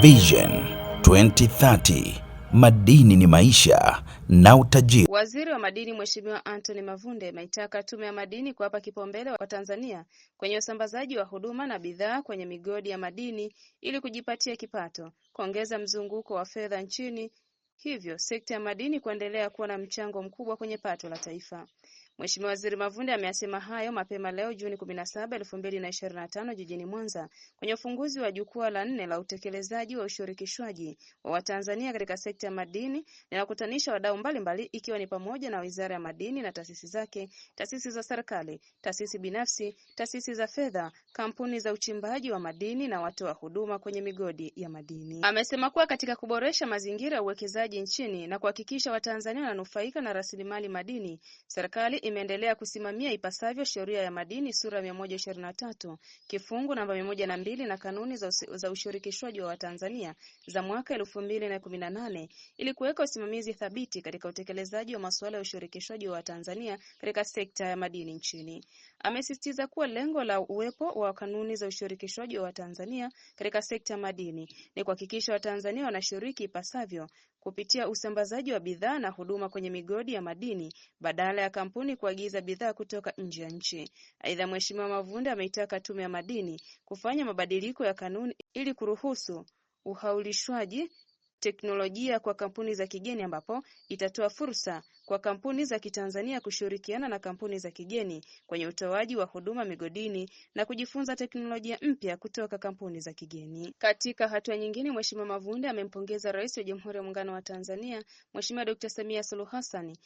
Vision 2030 madini ni maisha na utajiri. Waziri wa Madini Mheshimiwa Anthony Mavunde ameitaka Tume ya Madini kuwapa kipaumbele wa Tanzania kwenye usambazaji wa huduma na bidhaa kwenye migodi ya madini ili kujipatia kipato, kuongeza mzunguko wa fedha nchini, hivyo sekta ya madini kuendelea kuwa na mchango mkubwa kwenye pato la taifa. Mheshimiwa Waziri Mavunde ameyasema hayo mapema leo Juni 17, 2025 jijini Mwanza kwenye ufunguzi wa jukwaa la nne la utekelezaji wa ushirikishwaji wa Watanzania katika sekta ya madini kutanisha wadau mbalimbali ikiwa ni pamoja na Wizara ya Madini na taasisi zake, taasisi za serikali, taasisi binafsi, taasisi za fedha, kampuni za uchimbaji wa madini na watoa wa huduma kwenye migodi ya madini. Amesema kuwa katika kuboresha mazingira ya uwekezaji nchini na kuhakikisha Watanzania wananufaika na rasilimali madini, serikali imeendelea kusimamia ipasavyo sheria ya madini sura ya 123 kifungu namba 102 na kanuni za, za ushirikishwaji wa Watanzania za mwaka 2018 ili kuweka usimamizi thabiti katika utekelezaji wa masuala ya ushirikishwaji wa Watanzania katika sekta ya madini nchini. Amesisitiza kuwa lengo la uwepo wa kanuni za ushirikishwaji wa Watanzania katika sekta ya madini ni kuhakikisha Watanzania wanashiriki ipasavyo kupitia usambazaji wa bidhaa na huduma kwenye migodi ya madini badala ya kampuni kuagiza bidhaa kutoka nje ya nchi. Aidha, Mheshimiwa Mavunde ameitaka Tume ya Madini kufanya mabadiliko ya kanuni ili kuruhusu uhaulishwaji teknolojia kwa kampuni za kigeni ambapo itatoa fursa kwa kampuni za Kitanzania kushirikiana na kampuni za kigeni kwenye utoaji wa huduma migodini na kujifunza teknolojia mpya kutoka kampuni za kigeni. Katika hatua nyingine, Mheshimiwa Mavunde amempongeza Rais wa Jamhuri ya Muungano wa Tanzania Mheshimiwa Dkt. Samia Suluhu Hassan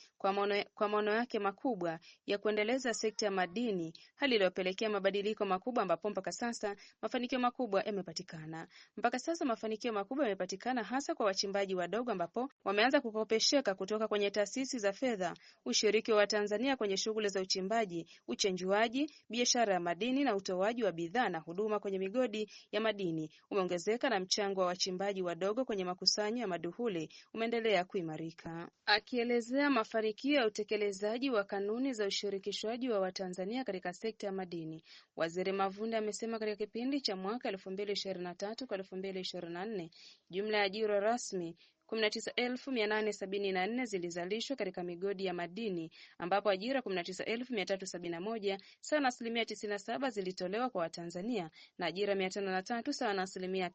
kwa maono yake makubwa ya kuendeleza sekta ya madini, hali iliyopelekea mabadiliko makubwa ambapo mpaka sasa mafanikio makubwa yamepatikana. Mpaka sasa mafanikio makubwa yamepatikana hasa kwa wachimbaji wadogo ambapo wameanza kukopesheka kutoka kwenye taasisi za za fedha, ushiriki wa Watanzania kwenye shughuli za uchimbaji, uchenjuaji, biashara ya madini na utoaji wa bidhaa na huduma kwenye migodi ya madini umeongezeka na mchango wa wachimbaji wadogo kwenye makusanyo ya maduhuli umeendelea kuimarika. Akielezea mafanikio ya utekelezaji wa kanuni za ushirikishwaji wa Watanzania katika sekta ya madini, Waziri Mavunde amesema katika kipindi cha mwaka 2023 kwa 2024 jumla ya ajira rasmi 19874 zilizalishwa katika migodi ya madini ambapo ajira 19371 sawa na asilimia zilitolewa kwa Watanzania na ajira mia sawa na asilimia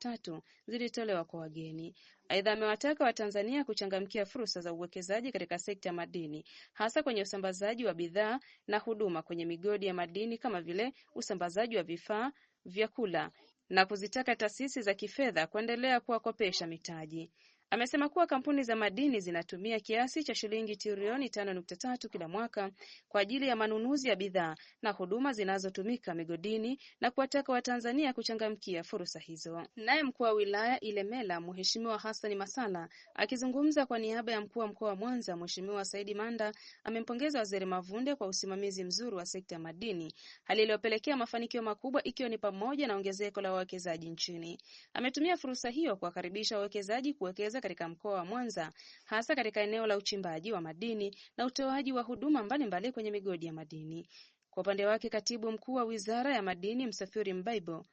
zilitolewa kwa wageni. Aidha, amewataka Watanzania kuchangamkia fursa za uwekezaji katika sekta ya madini hasa kwenye usambazaji wa bidhaa na huduma kwenye migodi ya madini kama vile usambazaji wa vifaa, vyakula na kuzitaka taasisi za kifedha kuendelea kuwakopesha mitaji. Amesema kuwa kampuni za madini zinatumia kiasi cha shilingi trilioni tano nukta tatu kila mwaka kwa ajili ya manunuzi ya bidhaa na huduma zinazotumika migodini na kuwataka Watanzania kuchangamkia fursa hizo. Naye mkuu wa wilaya Ilemela Mheshimiwa hasani Masala akizungumza kwa niaba ya mkuu wa mkoa wa Mwanza Mheshimiwa Saidi Manda amempongeza Waziri Mavunde kwa usimamizi mzuri wa sekta ya madini, hali iliyopelekea mafanikio makubwa ikiwa ni pamoja na ongezeko la wawekezaji nchini. Ametumia fursa hiyo kuwakaribisha wawekezaji kuwekeza kuwekeza katika mkoa wa Mwanza hasa katika eneo la uchimbaji wa madini na utoaji wa huduma mbalimbali kwenye migodi ya madini. Kwa upande wake, Katibu Mkuu wa Wizara ya Madini Msafiri Mbaibo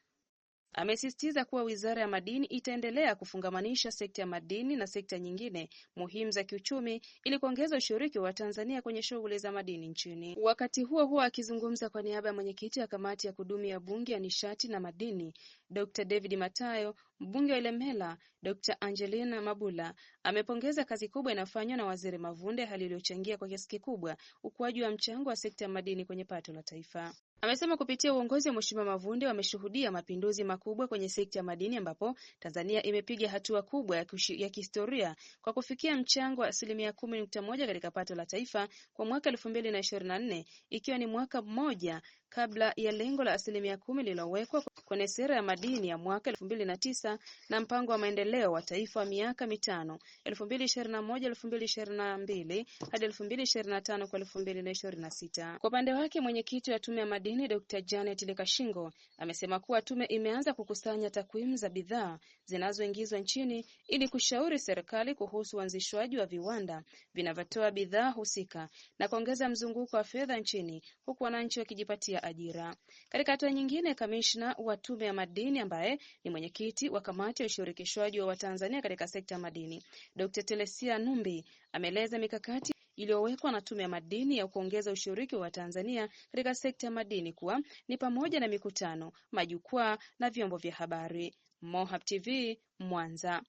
amesisitiza kuwa Wizara ya Madini itaendelea kufungamanisha sekta ya madini na sekta nyingine muhimu za kiuchumi ili kuongeza ushiriki wa Tanzania kwenye shughuli za madini nchini. Wakati huo huo, akizungumza kwa niaba ya mwenyekiti wa Kamati ya Kudumu ya Bunge ya Nishati na Madini, Dr David Matayo, mbunge wa Ilemela, Dr Angelina Mabula amepongeza kazi kubwa inayofanywa na Waziri Mavunde, hali iliyochangia kwa kiasi kikubwa ukuaji wa mchango wa sekta ya madini kwenye pato la taifa. Amesema kupitia uongozi wa Mheshimiwa Mavunde wameshuhudia mapinduzi makubwa kwenye sekta ya madini ambapo Tanzania imepiga hatua kubwa ya kihistoria kwa kufikia mchango wa asilimia kumi nukta moja katika pato la taifa kwa mwaka elfu mbili na ishirini na nne ikiwa ni mwaka mmoja kabla ya lengo la asilimia kumi lililowekwa kwenye Sera ya Madini ya mwaka elfu mbili na tisa na Mpango wa Maendeleo wa Taifa wa miaka mitano elfu mbili ishirini na moja elfu mbili ishirini na mbili hadi elfu mbili ishirini na tano kwa elfu mbili na ishirini na sita Kwa upande wake mwenyekiti wa Tume ya Madini Dr. Janet Lekashingo amesema kuwa tume imeanza kukusanya takwimu za bidhaa zinazoingizwa nchini ili kushauri serikali kuhusu uanzishwaji wa viwanda vinavyotoa bidhaa husika na kuongeza mzunguko wa fedha nchini huku wananchi wakijipatia ajira. Katika hatua nyingine, kamishna wa Tume ya Madini ambaye ni mwenyekiti wa kamati ya ushirikishwaji wa Watanzania katika sekta ya madini. Dr. Telesia Numbi ameeleza mikakati iliyowekwa na Tume ya Madini ya kuongeza ushiriki wa Tanzania katika sekta ya madini kuwa ni pamoja na mikutano, majukwaa na vyombo vya habari. Mohab TV Mwanza.